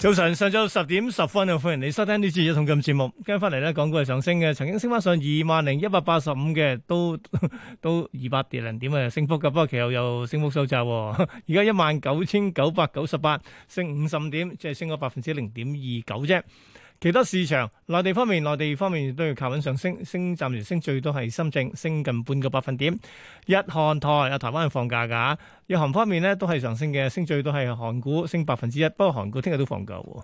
早晨，上晝十點十分又歡迎你收聽呢次嘅《同金節目》。今日翻嚟咧，港股係上升嘅，曾經升翻上二萬零一百八十五嘅，都都二百跌零點啊，升幅嘅，不過其後又升幅收窄，而家一萬九千九百九十八，升五十五點，即係升咗百分之零點二九啫。其他市場，內地方面，內地方面都要靠緊上升，升暫時升最多係深圳，升近半個百分點。日韓台啊，台灣係放假㗎。日韓方面咧都係上升嘅，升最多係韓股升百分之一，不過韓股聽日都放假喎。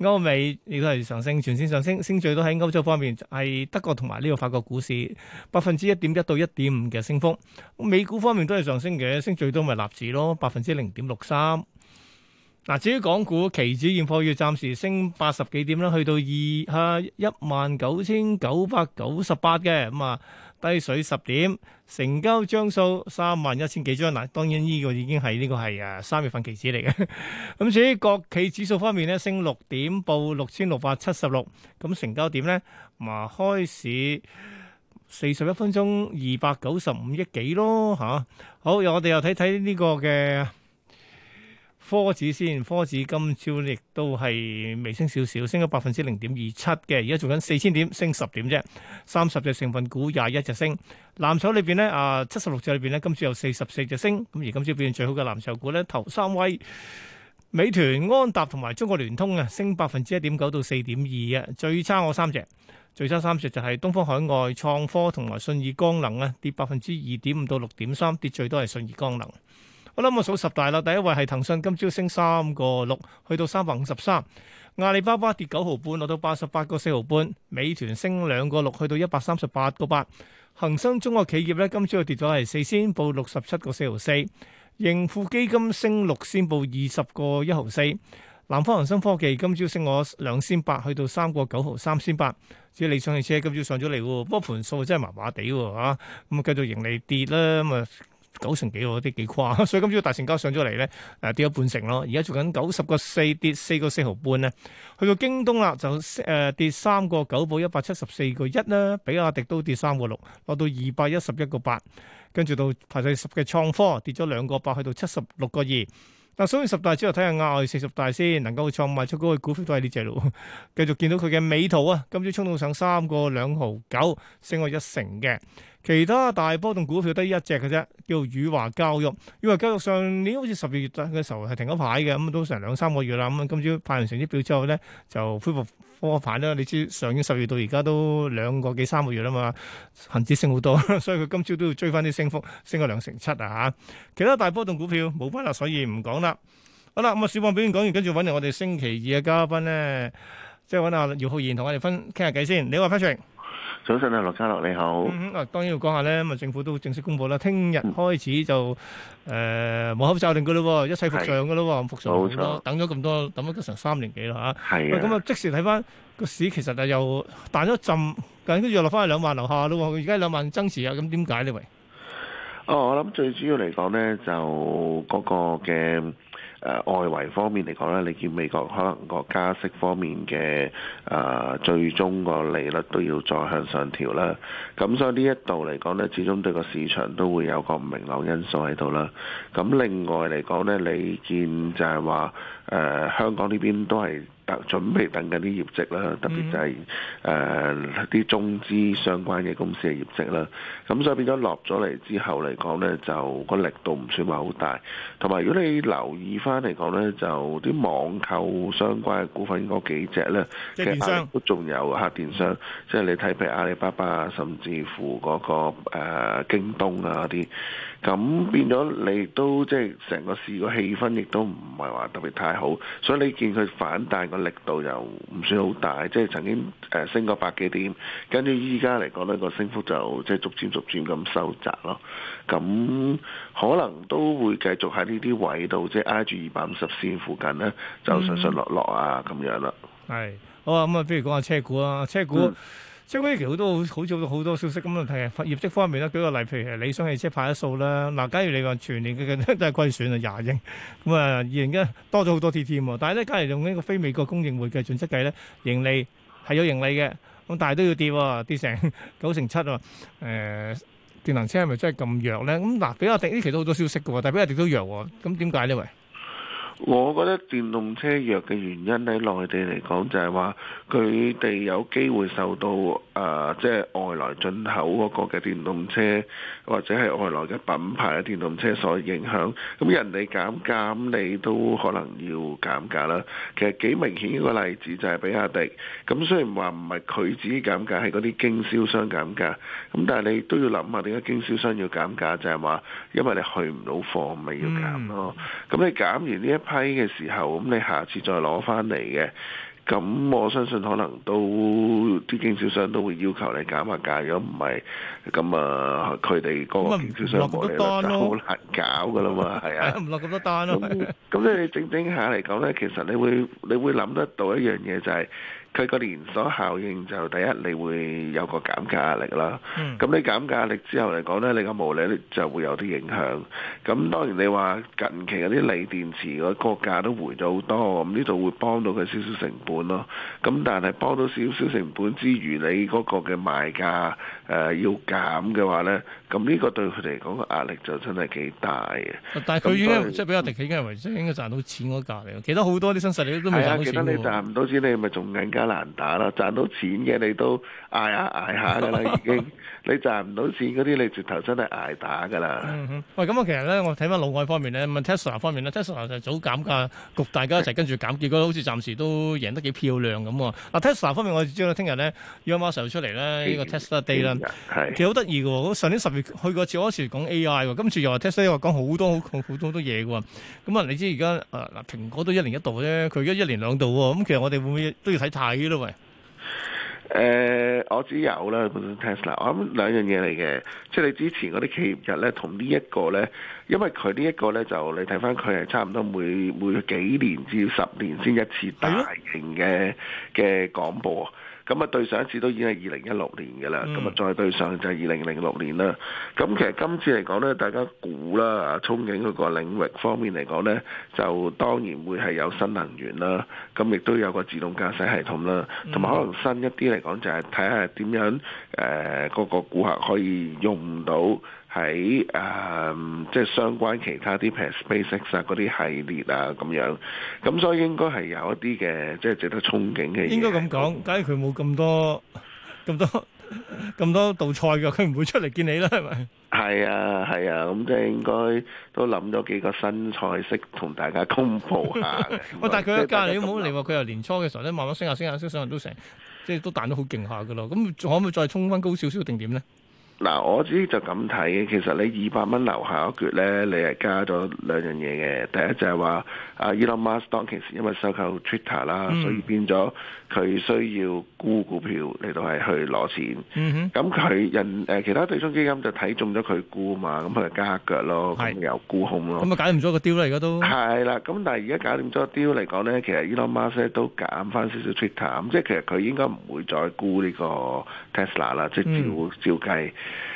歐美亦都係上升，全線上升，升最多喺歐洲方面係德國同埋呢個法國股市百分之一點一到一點五嘅升幅。美股方面都係上升嘅，升最多咪納指咯，百分之零點六三。嗱，至於港股期指現貨，月暫時升八十幾點啦，去到二嚇一萬九千九百九十八嘅，咁啊低水十點，成交張數三萬一千幾張。嗱，當然呢個已經係呢個係誒三月份期指嚟嘅。咁至於國企指數方面咧，升六點，報六千六百七十六，咁成交點咧，嘛開市四十一分鐘二百九十五億幾咯，嚇。好，我哋又睇睇呢個嘅。科指先，科指今朝亦都係微升少少，升咗百分之零點二七嘅，而家做緊四千點，升十點啫。三十隻成分股，廿一隻升。藍籌裏邊呢，啊七十六隻裏邊呢，今朝有四十四隻升。咁而今朝表現最好嘅藍籌股呢，頭三位，美團、安踏同埋中國聯通啊，升百分之一點九到四點二啊。最差我三隻，最差三隻就係東方海外、創科同埋信義光能啊，跌百分之二點五到六點三，跌最多係信義光能。我諗我數十大啦，第一位係騰訊，今朝升三個六，去到三百五十三。阿里巴巴跌九毫半，落到八十八個四毫半。美團升兩個六，去到一百三十八個八。恒生中國企業咧，今朝又跌咗係四仙，報六十七個四毫四。盈富基金升六仙，報二十個一毫四。南方恒生科技今朝升我兩仙八，去到三個九毫三仙八。至於理想汽車今朝上咗嚟，不過盤數真係麻麻地吓，咁啊繼續盈利跌啦，咁啊。九成幾嗰啲幾誇，所以今朝大成交上咗嚟咧，誒、呃、跌咗半成咯。而家做緊九十個四，跌四個四毫半咧。去到京東啦，就誒、呃、跌三個九，報一百七十四個一咧，比亞迪都跌三個六，落到二百一十一個八，跟住到排第十嘅創科跌咗兩個八，去到七十六個二。但數完十大之後睇下額外四十大先，能夠創賣出高嘅股票都係呢隻咯。繼續見到佢嘅美圖啊，今朝衝到上三個兩毫九，升咗一成嘅。其他大波動股票得一隻嘅啫，叫宇華教育。宇華教育上年好似十二月嘅時候係停咗牌嘅，咁、嗯、都成兩三個月啦。咁、嗯、啊今朝派完成績表之後咧，就恢復科牌啦。你知上年十二月到而家都兩個幾三個月啦嘛，恒指升好多，所以佢今朝都要追翻啲升幅，升咗兩成七啊嚇。其他大波動股票冇翻啦，所以唔講啦。好啦，咁啊小報表現講完，跟住揾嚟我哋星期二嘅嘉賓咧，即係揾阿姚浩然同我哋分傾下偈先。你好，Patrick。早晨啊，羅家樂你好。嗯嗯，啊，當然要講下咧，咁啊，政府都正式公佈啦，聽日開始就誒冇口罩令噶咯，一切復常噶咯，復常咁多，等咗咁多，等咗成三年幾啦嚇。係啊。咁啊，即時睇翻個市，其實啊又彈咗一陣，跟住又落翻去兩萬樓下啦。而家兩萬增持啊，咁點解咧？喂？哦，我諗最主要嚟講咧，就嗰個嘅。誒、呃、外圍方面嚟講咧，你見美國可能個加息方面嘅誒、呃、最終個利率都要再向上調啦。咁所以呢一度嚟講咧，始終對個市場都會有個唔明朗因素喺度啦。咁另外嚟講咧，你見就係話，誒、呃、香港呢邊都係等準備等緊啲業績啦，特別就係誒啲中資相關嘅公司嘅業績啦。咁、嗯、所以變咗落咗嚟之後嚟講呢，就個力度唔算話好大。同埋如果你留意翻嚟講呢，就啲網購相關嘅股份嗰幾隻呢，即係其實都仲有客電商,客電商即係你睇譬如阿里巴巴啊，甚至乎嗰、那個、呃、京東啊啲。咁、嗯、變咗你都即係成個市個氣氛亦都唔係話特別太好，所以你見佢反彈個力度又唔算好大，即、就、係、是、曾經誒、呃、升過百幾點，跟住依家嚟講呢個升幅就即係、就是、逐漸逐漸咁收窄咯。咁、嗯、可能都會繼續喺呢啲位度，即係挨住二百五十線附近呢，就順順落落啊咁、嗯、樣啦。係，好啊，咁啊，不如講下車股啦，車股。嗯即係呢期好多好少都好，好多消息，咁啊睇業績方面啦，舉個例，譬如理想汽車派一數啦，嗱，假如你話全年嘅都係虧損啊廿億，咁、嗯、啊，零一多咗好多貼添，但係咧，假如用呢個非美國公認會計準則計咧，盈利係有盈利嘅，咁、嗯、但係都要跌，跌成九成七、呃嗯、啊！誒，電能車係咪真係咁弱咧？咁嗱，比亞迪呢期都好多消息嘅，但係比亞迪都弱喎，咁點解呢？喂？我覺得電動車弱嘅原因喺內地嚟講，就係話佢哋有機會受到誒，即、呃、係、就是、外來進口嗰個嘅電動車，或者係外來嘅品牌嘅電動車所影響。咁、嗯、人哋減價，咁你都可能要減價啦。其實幾明顯一個例子就係比亞迪。咁、嗯、雖然話唔係佢自己減價，係嗰啲經銷商減價。咁、嗯、但係你都要諗下，點解經銷商要減價？就係、是、話因為你去唔到貨，咪要減咯。咁、嗯、你減完呢一批嘅時候，咁你下次再攞翻嚟嘅，咁我相信可能都啲經銷商都會要求你減下價，如果唔係，咁啊佢哋個個經銷商過嚟、啊、都真好難搞噶啦嘛，係啊，唔落咁、 啊、多單咯、啊。咁 你整整下嚟講呢，其實你會你會諗得到一樣嘢就係、是。佢個連鎖效應就第一，你會有個減價壓力啦。咁你減價壓力之後嚟講呢，你個毛利率就會有啲影響。咁當然你話近期嗰啲鋰電池個價都回咗好多，咁呢度會幫到佢少少成本咯。咁但係幫到少少成本之餘，你嗰個嘅賣價誒要減嘅話呢，咁呢個對佢嚟講個壓力就真係幾大嘅。但係佢已經即係比較特許，應該係應該賺到錢嗰架嚟。其他好多啲新實力都未賺到錢喎。其他你賺唔到錢，你咪仲緊緊難打啦，賺到錢嘅你都捱下捱下噶啦，已經你賺唔到錢嗰啲，你直頭真係捱打噶啦。喂，咁我其實咧，我睇翻老外方面咧，問 Tesla 方面咧，Tesla 就早減價，焗大家一齊跟住減，結果好似暫時都贏得幾漂亮咁喎。嗱，Tesla 方面，我知啦，聽日咧，Yosemite 出嚟咧，呢個 Tesla Day 啦，其實好得意嘅喎。上年十月去過一次，嗰時講 AI 喎，今次又話 Tesla 又講好多好好好多嘢嘅喎。咁啊，你知而家啊嗱，蘋果都一年一度啫，佢而家一年兩度喎。咁其實我哋會唔會都要睇太？呢、 嗯、我只有啦，本身 Tesla 我諗兩樣嘢嚟嘅，即係你之前嗰啲企業日咧，同呢一個咧，因為佢呢一個咧，就你睇返佢係差唔多每每幾年至十年先一次大型嘅嘅廣播。咁啊，對上一次都已經係二零一六年嘅啦，咁啊再對上就係二零零六年啦。咁其實今次嚟講呢，大家估啦，憧憬嗰個領域方面嚟講呢，就當然會係有新能源啦，咁亦都有個自動駕駛系統啦，同埋可能新一啲嚟講就係睇下點樣誒嗰、呃嗰個顧客可以用到。喺誒、呃，即係相關其他啲譬如 SpaceX 啊，嗰啲系列啊，咁樣，咁所以應該係有一啲嘅，即係值得憧憬嘅。應該咁講，假如佢冇咁多、咁多、咁多道菜嘅，佢唔會出嚟見你啦，係咪？係啊，係啊，咁即係應該都諗咗幾個新菜式同大家公佈下嘅、 啊。但係佢隔籬冇理喎，佢又年初嘅時候咧，慢慢升下升下升，下升，下升下，上都成，即係都彈得好勁下嘅咯。咁可唔可以再衝翻衝衝高少少定點咧？嗱，我自己就咁睇，其實你二百蚊樓下一橛咧，你係加咗兩樣嘢嘅。第一就係話，阿 Elon Musk 當其時因為收購 Twitter 啦，嗯、所以變咗佢需要沽股票你都係去攞錢。咁佢、嗯、哼人誒、呃、其他對沖基金就睇中咗佢沽嘛，咁佢就加腳咯，咁又是沽空咯。咁啊，搞掂咗個 deal 啦，而家都。係啦，咁但係而家搞掂咗個 deal 嚟講咧，其實 Elon Musk 都減翻少少 Twitter，咁、嗯、即係其實佢應該唔會再沽呢個 Tesla 啦，即係照照，照計。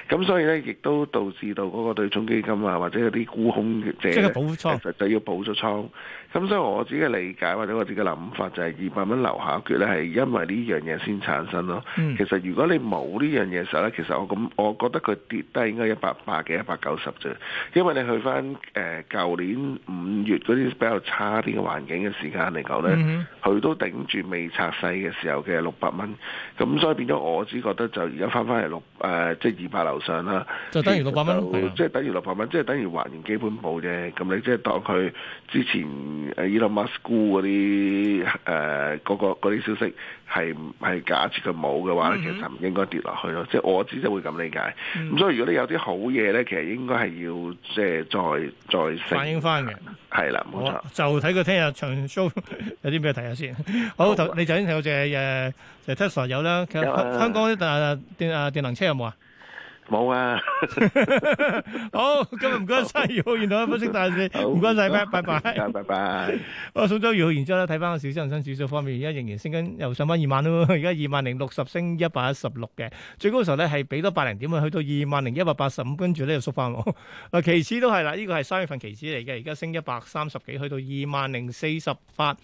咁所以咧，亦都導致到嗰個對沖基金啊，或者嗰啲沽空者即係其實就要補咗倉。咁所以我自己嘅理解或者我自己嘅諗法就係二百蚊留下腳咧，係因為呢樣嘢先產生咯。嗯、其實如果你冇呢樣嘢時候咧，其實我咁，我覺得佢跌低應該一百八幾一百九十啫。因為你去翻誒舊年五月嗰啲比較差啲嘅環境嘅時間嚟講咧，佢、嗯、哼都頂住未拆細嘅時候嘅六百蚊。咁所以變咗我只覺得就而家翻翻嚟六誒即。二百樓上啦，就等於六百蚊，即係等於六百蚊，即係等於還原基本步啫。咁你即係當佢之前誒 Elon Musk 嘅嗰啲誒嗰個嗰啲消息係係假設佢冇嘅話，其實唔應該跌落去咯。即係我只會咁理解。咁所以如果你有啲好嘢咧，其實應該係要即係再再反應翻嘅，係啦，冇錯。就睇佢聽日場 show 有啲咩睇下先。好，頭你首先有隻誒 Tesla 有啦，其實香港電啊電能車有冇啊？冇啊！ 好，今日唔該晒 好。姚浩然同分析大事，唔該晒。拜拜。拜拜拜。好，宋姚浩然先啦，睇翻 小，小恒生指數方面，而家仍然升緊，又上翻二萬咯。而家二萬零六十升一百一十六嘅，最高時候咧係俾多八零點去到二萬零一百八十五。跟住咧又縮翻。啊， 其次都係啦，呢個係三月份期指嚟嘅，而家升一百三十幾，去到二萬零四十八。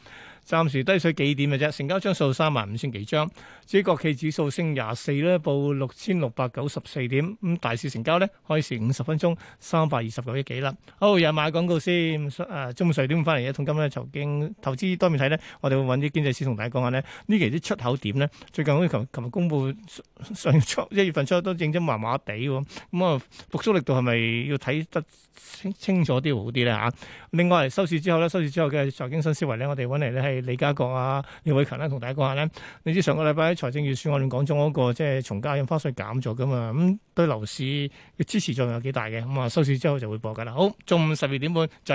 暫時低水幾點嘅啫，成交張數三萬五千幾張，至於國企指數升廿四咧，報六千六百九十四點。咁大市成交咧，開市五十分鐘三百二十九億幾啦。好，有冇買廣告先？誒，中午十二點翻嚟一桶金，同今晚咧，從經投資多面睇咧，我哋會揾啲經濟師同大家講下咧，呢期啲出口點咧，最近好似琴琴日公布上一月份出都整得麻麻地喎。咁啊，復甦力度係咪要睇得清清楚啲好啲咧？嚇？另外，收市之後咧，收市之後嘅財經新思維咧，我哋揾嚟咧係李家國啊、廖偉強咧，同大家講下咧。你知上個禮拜喺財政預算案論講中、嗰個即係從價印花稅減咗噶嘛，咁、嗯、對樓市嘅支持作用有幾大嘅？咁啊，收市之後就會播緊啦。好，中午十二點半再見。